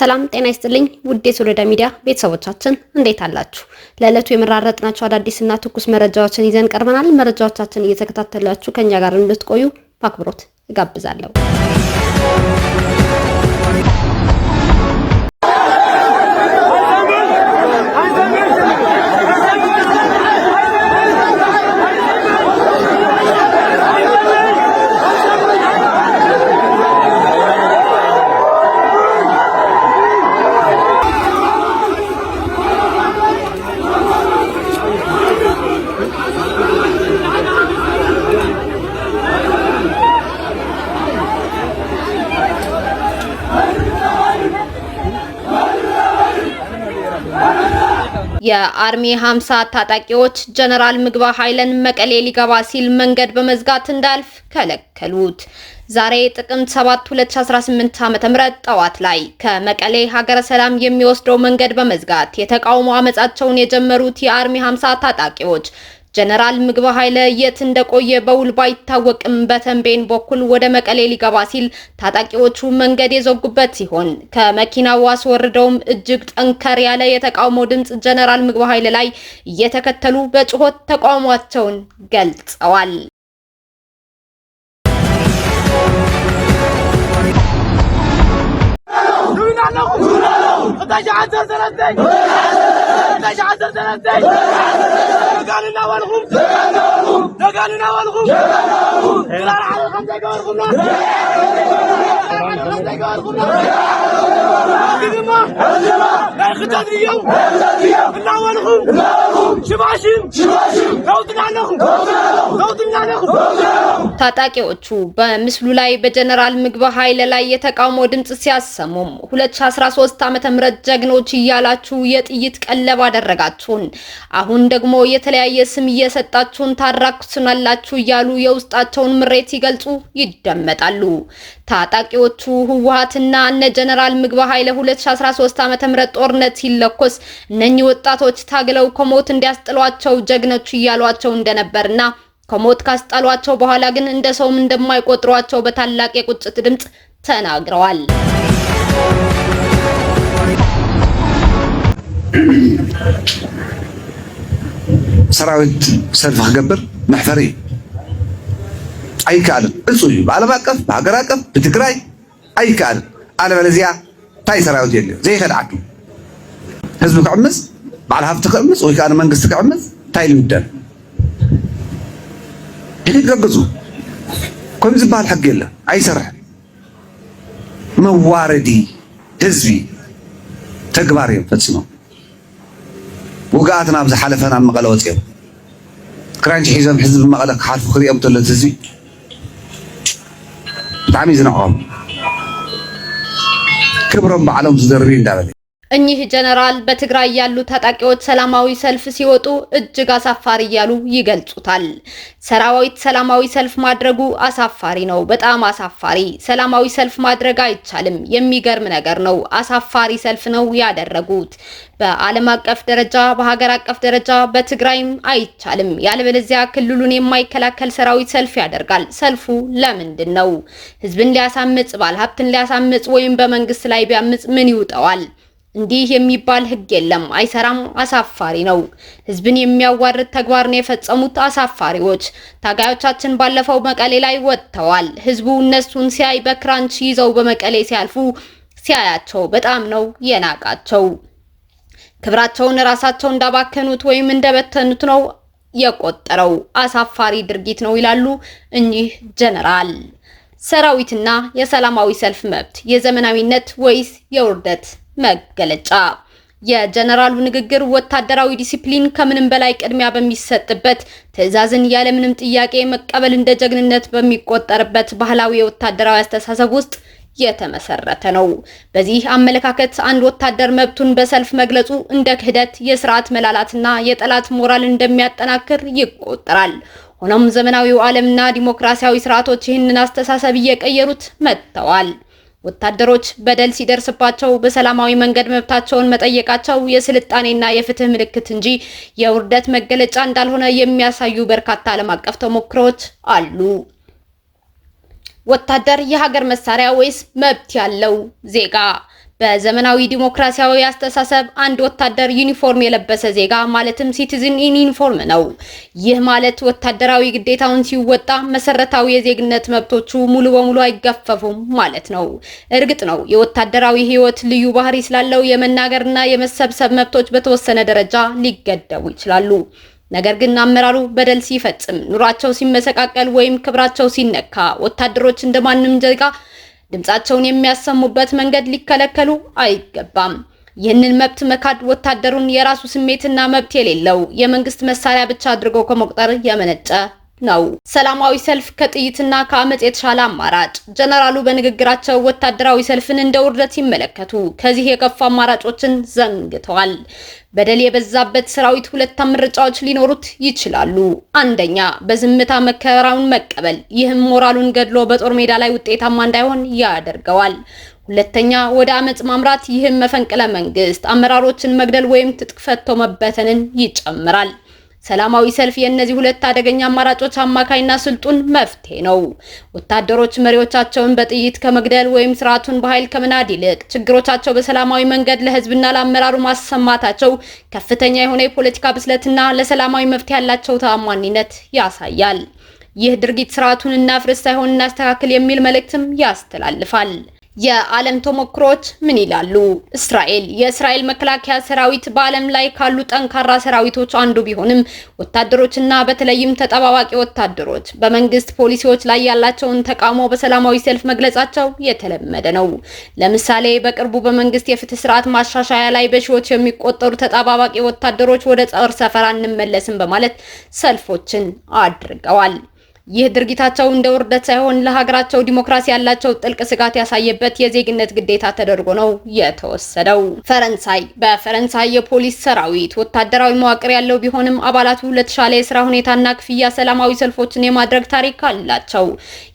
ሰላም ጤና ይስጥልኝ ውዴ የሶሎዳ ሚዲያ ቤተሰቦቻችን እንዴት አላችሁ? ለዕለቱ የመራረጥናቸው አዳዲስና ትኩስ መረጃዎችን ይዘን ቀርበናል። መረጃዎቻችን እየተከታተላችሁ ከኛ ጋር እንድትቆዩ በአክብሮት እጋብዛለሁ። የአርሚ 50 ታጣቂዎች ጀነራል ምግባ ኃይለን መቀሌ ሊገባ ሲል መንገድ በመዝጋት እንዳልፍ ከለከሉት። ዛሬ ጥቅምት 7 2018 ዓ.ም ጠዋት ላይ ከመቀሌ ሀገረ ሰላም የሚወስደው መንገድ በመዝጋት የተቃውሞ አመጻቸውን የጀመሩት የአርሚ 50 ታጣቂዎች ጀነራል ምግባ ኃይለ የት እንደቆየ በውል ባይታወቅም በተንቤን በኩል ወደ መቀሌ ሊገባ ሲል ታጣቂዎቹ መንገድ የዘጉበት ሲሆን ከመኪናው አስወርደውም እጅግ ጠንከር ያለ የተቃውሞ ድምፅ ጀነራል ምግበ ኃይለ ላይ እየተከተሉ በጩኸት ተቃውሟቸውን ገልጸዋል። جبالنا والغم جبالنا والغم جبالنا على الخمسة والغم على الخمسة والغم ታጣቂዎቹ በምስሉ ላይ በጀነራል ምግበ ኃይለ ላይ የተቃውሞ ድምጽ ሲያሰሙም 2013 ዓ.ም ጀግኖች እያላችሁ የጥይት ቀለብ አደረጋችሁን፣ አሁን ደግሞ የተለያየ ስም እየሰጣችሁን ታራክሱናላችሁ እያሉ የውስጣቸውን ምሬት ሲገልጹ ይደመጣሉ። ታጣቂዎቹ ህወሓትና እነ ጀነራል ምግበ ኃይለ በ2013 ዓ.ም ጦርነት ሲለኮስ እነኚህ ወጣቶች ታግለው ከሞት እንዲያስጥሏቸው ጀግኖች እያሏቸው እንደነበርና ከሞት ካስጣሏቸው በኋላ ግን እንደ ሰውም እንደማይቆጥሯቸው በታላቅ የቁጭት ድምፅ ተናግረዋል። ሰራዊት ሰልፍ ክገብር መሕፈሪ ኣይከኣልን እፁ እዩ ብዓለም ኣቀፍ ብሃገር ኣቀፍ ብትግራይ ኣይከኣልን ኣለበለዚያ እንታይ ሰራዊት የለ ዘይከድዓቱ ህዝቢ ክዕምፅ በዓል ሃፍቲ ክዕምፅ ወይ ከዓ ንመንግስቲ ክዕምፅ እንታይ ልውደን ይገግፁ ከም ዝበሃል ሕጊ የለ ኣይሰርሕ መዋረዲ ህዝቢ ተግባር እዮም ፈፂሞም ውግኣት ናብ ዝሓለፈ ናብ መቐለ ወፂኦም ክራንቺ ሒዞም ህዝቢ መቐለ ክሓልፉ ክሪኦም ተሎ ህዝቢ ብጣዕሚ እዩ ዝነዕቆም كبرم معلوم زدربين دابلي እኚህ ጀነራል በትግራይ ያሉ ታጣቂዎች ሰላማዊ ሰልፍ ሲወጡ እጅግ አሳፋሪ እያሉ ይገልጹታል። ሰራዊት ሰላማዊ ሰልፍ ማድረጉ አሳፋሪ ነው፣ በጣም አሳፋሪ። ሰላማዊ ሰልፍ ማድረግ አይቻልም። የሚገርም ነገር ነው። አሳፋሪ ሰልፍ ነው ያደረጉት። በዓለም አቀፍ ደረጃ በሀገር አቀፍ ደረጃ በትግራይም አይቻልም። ያለበለዚያ ክልሉን የማይከላከል ሰራዊት ሰልፍ ያደርጋል። ሰልፉ ለምንድን ነው? ህዝብን ሊያሳምጽ ሀብትን ሊያሳምጽ ወይም በመንግስት ላይ ቢያምጽ ምን ይውጠዋል? እንዲህ የሚባል ህግ የለም፣ አይሰራም፣ አሳፋሪ ነው። ህዝብን የሚያዋርድ ተግባርን የፈጸሙት አሳፋሪዎች ታጋዮቻችን ባለፈው መቀሌ ላይ ወጥተዋል። ህዝቡ እነሱን ሲያይ በክራንች ይዘው በመቀሌ ሲያልፉ ሲያያቸው በጣም ነው የናቃቸው። ክብራቸውን ራሳቸው እንዳባከኑት ወይም እንደበተኑት ነው የቆጠረው። አሳፋሪ ድርጊት ነው ይላሉ እኚህ ጀነራል። ሰራዊትና የሰላማዊ ሰልፍ መብት የዘመናዊነት ወይስ የውርደት መገለጫ። የጀነራሉ ንግግር ወታደራዊ ዲሲፕሊን ከምንም በላይ ቅድሚያ በሚሰጥበት ትዕዛዝን ያለምንም ጥያቄ መቀበል እንደ ጀግንነት በሚቆጠርበት ባህላዊ የወታደራዊ አስተሳሰብ ውስጥ የተመሰረተ ነው። በዚህ አመለካከት አንድ ወታደር መብቱን በሰልፍ መግለጹ እንደ ክህደት፣ የስርዓት መላላትና የጠላት ሞራል እንደሚያጠናክር ይቆጠራል። ሆኖም ዘመናዊው ዓለምና ዲሞክራሲያዊ ስርዓቶች ይህንን አስተሳሰብ እየቀየሩት መጥተዋል። ወታደሮች በደል ሲደርስባቸው በሰላማዊ መንገድ መብታቸውን መጠየቃቸው የስልጣኔና የፍትህ ምልክት እንጂ የውርደት መገለጫ እንዳልሆነ የሚያሳዩ በርካታ ዓለም አቀፍ ተሞክሮች አሉ። ወታደር የሀገር መሳሪያ ወይስ መብት ያለው ዜጋ? በዘመናዊ ዲሞክራሲያዊ አስተሳሰብ አንድ ወታደር ዩኒፎርም የለበሰ ዜጋ ማለትም ሲቲዝን ኢን ዩኒፎርም ነው። ይህ ማለት ወታደራዊ ግዴታውን ሲወጣ መሰረታዊ የዜግነት መብቶቹ ሙሉ በሙሉ አይገፈፉም ማለት ነው። እርግጥ ነው የወታደራዊ ሕይወት ልዩ ባህሪ ስላለው የመናገርና የመሰብሰብ መብቶች በተወሰነ ደረጃ ሊገደቡ ይችላሉ። ነገር ግን አመራሩ በደል ሲፈጽም፣ ኑሯቸው ሲመሰቃቀል ወይም ክብራቸው ሲነካ ወታደሮች እንደማንም ዜጋ ድምጻቸውን የሚያሰሙበት መንገድ ሊከለከሉ አይገባም። ይህንን መብት መካድ ወታደሩን የራሱ ስሜትና መብት የሌለው የመንግስት መሳሪያ ብቻ አድርጎ ከመቁጠር የመነጨ ነው። ሰላማዊ ሰልፍ ከጥይትና ከአመጽ የተሻለ አማራጭ። ጀነራሉ በንግግራቸው ወታደራዊ ሰልፍን እንደ ውርደት ሲመለከቱ ከዚህ የከፉ አማራጮችን ዘንግተዋል። በደል የበዛበት ሰራዊት ሁለት ምርጫዎች ሊኖሩት ይችላሉ። አንደኛ፣ በዝምታ መከራውን መቀበል። ይህም ሞራሉን ገድሎ በጦር ሜዳ ላይ ውጤታማ እንዳይሆን ያደርገዋል። ሁለተኛ፣ ወደ አመጽ ማምራት። ይህም መፈንቅለ መንግስት፣ አመራሮችን መግደል ወይም ትጥቅ ፈቶ መበተንን ይጨምራል። ሰላማዊ ሰልፍ የእነዚህ ሁለት አደገኛ አማራጮች አማካይና ስልጡን መፍትሄ ነው። ወታደሮች መሪዎቻቸውን በጥይት ከመግደል ወይም ስርዓቱን በኃይል ከመናድ ይልቅ ችግሮቻቸው በሰላማዊ መንገድ ለህዝብና ለአመራሩ ማሰማታቸው ከፍተኛ የሆነ የፖለቲካ ብስለትና ለሰላማዊ መፍትሄ ያላቸው ተአማኒነት ያሳያል። ይህ ድርጊት ስርዓቱን እናፍርስ ሳይሆን እናስተካክል የሚል መልእክትም ያስተላልፋል። የዓለም ተሞክሮች ምን ይላሉ? እስራኤል የእስራኤል መከላከያ ሰራዊት በዓለም ላይ ካሉ ጠንካራ ሰራዊቶች አንዱ ቢሆንም ወታደሮችና በተለይም ተጠባባቂ ወታደሮች በመንግስት ፖሊሲዎች ላይ ያላቸውን ተቃውሞ በሰላማዊ ሰልፍ መግለጻቸው የተለመደ ነው። ለምሳሌ በቅርቡ በመንግስት የፍትህ ስርዓት ማሻሻያ ላይ በሺዎች የሚቆጠሩ ተጠባባቂ ወታደሮች ወደ ጦር ሰፈራ እንመለስም በማለት ሰልፎችን አድርገዋል። ይህ ድርጊታቸው እንደ ውርደት ሳይሆን ለሀገራቸው ዲሞክራሲ ያላቸው ጥልቅ ስጋት ያሳየበት የዜግነት ግዴታ ተደርጎ ነው የተወሰደው። ፈረንሳይ በፈረንሳይ የፖሊስ ሰራዊት ወታደራዊ መዋቅር ያለው ቢሆንም አባላቱ ለተሻለ የስራ ሁኔታና ክፍያ ሰላማዊ ሰልፎችን የማድረግ ታሪክ አላቸው።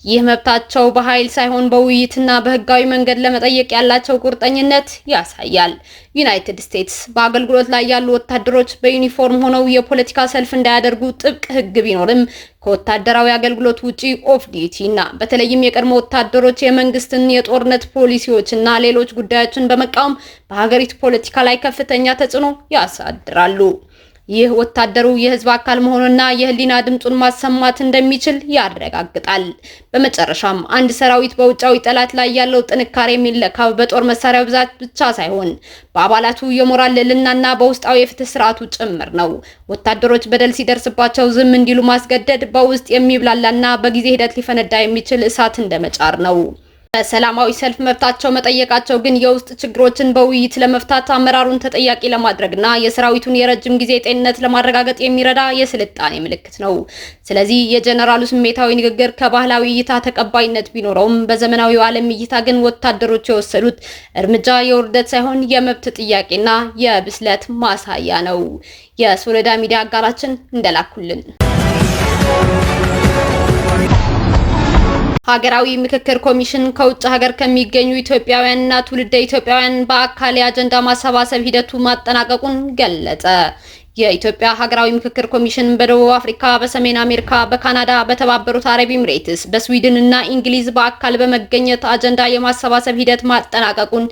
ይህ መብታቸው በኃይል ሳይሆን በውይይትና በህጋዊ መንገድ ለመጠየቅ ያላቸው ቁርጠኝነት ያሳያል። ዩናይትድ ስቴትስ በአገልግሎት ላይ ያሉ ወታደሮች በዩኒፎርም ሆነው የፖለቲካ ሰልፍ እንዳያደርጉ ጥብቅ ህግ ቢኖርም ከወታደራዊ አገልግሎት ውጪ ኦፍ ዲቲ እና በተለይም የቀድሞ ወታደሮች የመንግስትን የጦርነት ፖሊሲዎች እና ሌሎች ጉዳዮችን በመቃወም በሀገሪቱ ፖለቲካ ላይ ከፍተኛ ተጽዕኖ ያሳድራሉ። ይህ ወታደሩ የህዝብ አካል መሆኑና የህሊና ድምፁን ማሰማት እንደሚችል ያረጋግጣል። በመጨረሻም አንድ ሰራዊት በውጫዊ ጠላት ላይ ያለው ጥንካሬ የሚለካው በጦር መሳሪያ ብዛት ብቻ ሳይሆን በአባላቱ የሞራል ልዕልናና በውስጣዊ የፍትህ ስርዓቱ ጭምር ነው። ወታደሮች በደል ሲደርስባቸው ዝም እንዲሉ ማስገደድ በውስጥ የሚብላላና በጊዜ ሂደት ሊፈነዳ የሚችል እሳት እንደመጫር ነው። በሰላማዊ ሰልፍ መብታቸው መጠየቃቸው ግን የውስጥ ችግሮችን በውይይት ለመፍታት አመራሩን ተጠያቂ ለማድረግና የሰራዊቱን የረጅም ጊዜ ጤንነት ለማረጋገጥ የሚረዳ የስልጣኔ ምልክት ነው። ስለዚህ የጀነራሉ ስሜታዊ ንግግር ከባህላዊ እይታ ተቀባይነት ቢኖረውም በዘመናዊው ዓለም እይታ ግን ወታደሮች የወሰዱት እርምጃ የውርደት ሳይሆን የመብት ጥያቄና የብስለት ማሳያ ነው። የሶለዳ ሚዲያ አጋራችን እንደላኩልን ሀገራዊ ምክክር ኮሚሽን ከውጭ ሀገር ከሚገኙ ኢትዮጵያውያንና ትውልደ ኢትዮጵያውያን በአካል የአጀንዳ ማሰባሰብ ሂደቱ ማጠናቀቁን ገለጸ። የኢትዮጵያ ሀገራዊ ምክክር ኮሚሽን በደቡብ አፍሪካ፣ በሰሜን አሜሪካ፣ በካናዳ፣ በተባበሩት አረብ ኤምሬትስ፣ በስዊድን እና እንግሊዝ በአካል በመገኘት አጀንዳ የማሰባሰብ ሂደት ማጠናቀቁን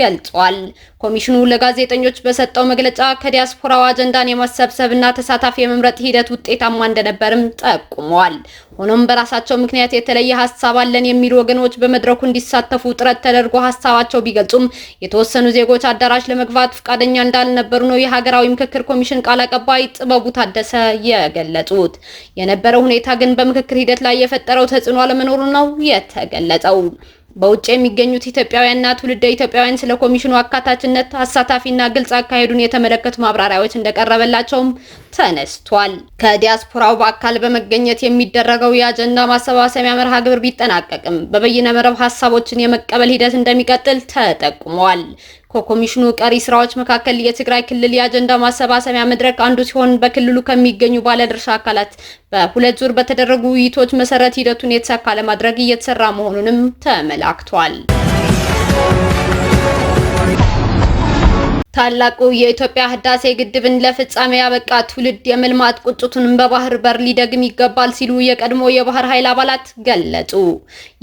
ገልጿል። ኮሚሽኑ ለጋዜጠኞች በሰጠው መግለጫ ከዲያስፖራው አጀንዳን የማሰብሰብና ተሳታፊ የመምረጥ ሂደት ውጤታማ እንደነበርም ጠቁመዋል። ሆኖም በራሳቸው ምክንያት የተለየ ሀሳብ አለን የሚሉ ወገኖች በመድረኩ እንዲሳተፉ ጥረት ተደርጎ ሀሳባቸው ቢገልጹም የተወሰኑ ዜጎች አዳራሽ ለመግባት ፈቃደኛ እንዳልነበሩ ነው የሀገራዊ ምክክር ኮሚሽን ቃል አቀባይ ጥበቡ ታደሰ የገለጹት። የነበረው ሁኔታ ግን በምክክር ሂደት ላይ የፈጠረው ተጽዕኖ አለመኖሩ ነው የተገለጸው። በውጭ የሚገኙት ኢትዮጵያውያንና ትውልደ ኢትዮጵያውያን ስለ ኮሚሽኑ አካታችነት አሳታፊና ግልጽ አካሄዱን የተመለከቱ ማብራሪያዎች እንደቀረበላቸውም ተነስቷል። ከዲያስፖራው በአካል በመገኘት የሚደረገው የአጀንዳ ማሰባሰቢያ መርሃ ግብር ቢጠናቀቅም በበይነ መረብ ሀሳቦችን የመቀበል ሂደት እንደሚቀጥል ተጠቁሟል። ከኮሚሽኑ ቀሪ ስራዎች መካከል የትግራይ ክልል የአጀንዳ ማሰባሰቢያ መድረክ አንዱ ሲሆን በክልሉ ከሚገኙ ባለድርሻ አካላት በሁለት ዙር በተደረጉ ውይይቶች መሰረት ሂደቱን የተሳካ ለማድረግ እየተሰራ መሆኑንም ተመላክቷል። ታላቁ የኢትዮጵያ ህዳሴ ግድብን ለፍጻሜ ያበቃ ትውልድ የመልማት ቁጭቱን በባህር በር ሊደግም ይገባል ሲሉ የቀድሞ የባህር ኃይል አባላት ገለጹ።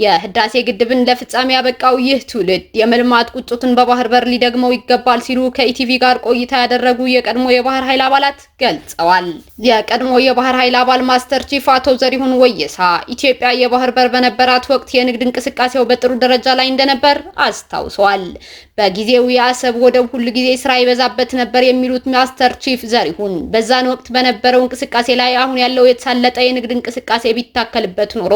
የህዳሴ ግድብን ለፍጻሜ ያበቃው ይህ ትውልድ የመልማት ቁጭቱን በባህር በር ሊደግመው ይገባል ሲሉ ከኢቲቪ ጋር ቆይታ ያደረጉ የቀድሞ የባህር ኃይል አባላት ገልጸዋል። የቀድሞ የባህር ኃይል አባል ማስተር ቺፍ አቶ ዘሪሁን ወየሳ ኢትዮጵያ የባህር በር በነበራት ወቅት የንግድ እንቅስቃሴው በጥሩ ደረጃ ላይ እንደነበር አስታውሰዋል። በጊዜው የአሰብ ወደብ ሁል ጊዜ ስራ ይበዛበት ነበር የሚሉት ማስተር ቺፍ ዘሪሁን በዛን ወቅት በነበረው እንቅስቃሴ ላይ አሁን ያለው የተሳለጠ የንግድ እንቅስቃሴ ቢታከልበት ኖሮ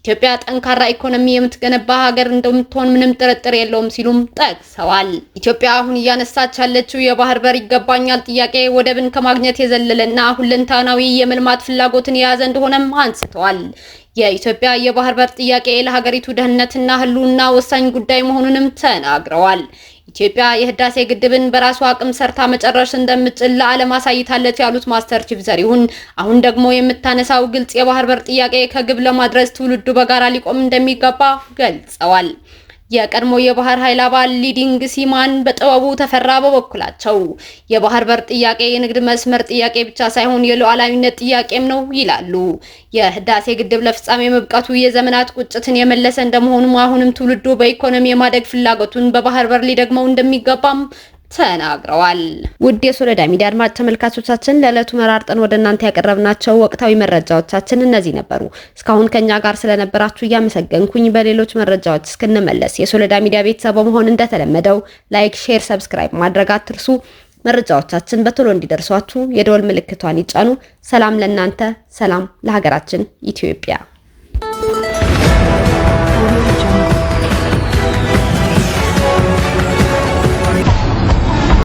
ኢትዮጵያ ጠንካራ ኢኮኖሚ የምትገነባ ሀገር እንደምትሆን ምንም ጥርጥር የለውም ሲሉም ጠቅሰዋል። ኢትዮጵያ አሁን እያነሳች ያለችው የባህር በር ይገባኛል ጥያቄ ወደብን ከማግኘት የዘለለና ሁለንታናዊ የመልማት ፍላጎትን የያዘ እንደሆነም አንስተዋል። የኢትዮጵያ የባህር በር ጥያቄ ለሀገሪቱ ደህንነትና ህልውና ወሳኝ ጉዳይ መሆኑንም ተናግረዋል። ኢትዮጵያ የህዳሴ ግድብን በራሱ አቅም ሰርታ መጨረስ እንደምትችል ለዓለም አሳይታለች ያሉት ማስተር ቺፍ ዘሪሁን አሁን ደግሞ የምታነሳው ግልጽ የባህር በር ጥያቄ ከግብ ለማድረስ ትውልዱ በጋራ ሊቆም እንደሚገባ ገልጸዋል። የቀድሞ የባህር ኃይል አባል ሊዲንግ ሲማን በጥበቡ ተፈራ በበኩላቸው የባህር በር ጥያቄ የንግድ መስመር ጥያቄ ብቻ ሳይሆን የሉዓላዊነት ጥያቄም ነው ይላሉ። የህዳሴ ግድብ ለፍጻሜ መብቃቱ የዘመናት ቁጭትን የመለሰ እንደመሆኑም አሁንም ትውልዱ በኢኮኖሚ የማደግ ፍላጎቱን በባህር በር ሊደግመው እንደሚገባም ተናግረዋል። ውድ የሶለዳ ሚዲያ አድማጭ ተመልካቾቻችን ለዕለቱ መራርጠን ወደ እናንተ ያቀረብናቸው ወቅታዊ መረጃዎቻችን እነዚህ ነበሩ። እስካሁን ከኛ ጋር ስለነበራችሁ እያመሰገንኩኝ በሌሎች መረጃዎች እስክንመለስ የሶለዳ ሚዲያ ቤተሰብ መሆን እንደተለመደው ላይክ፣ ሼር፣ ሰብስክራይብ ማድረግ አትርሱ። መረጃዎቻችን በቶሎ እንዲደርሷችሁ የደወል ምልክቷን ይጫኑ። ሰላም ለእናንተ፣ ሰላም ለሀገራችን ኢትዮጵያ።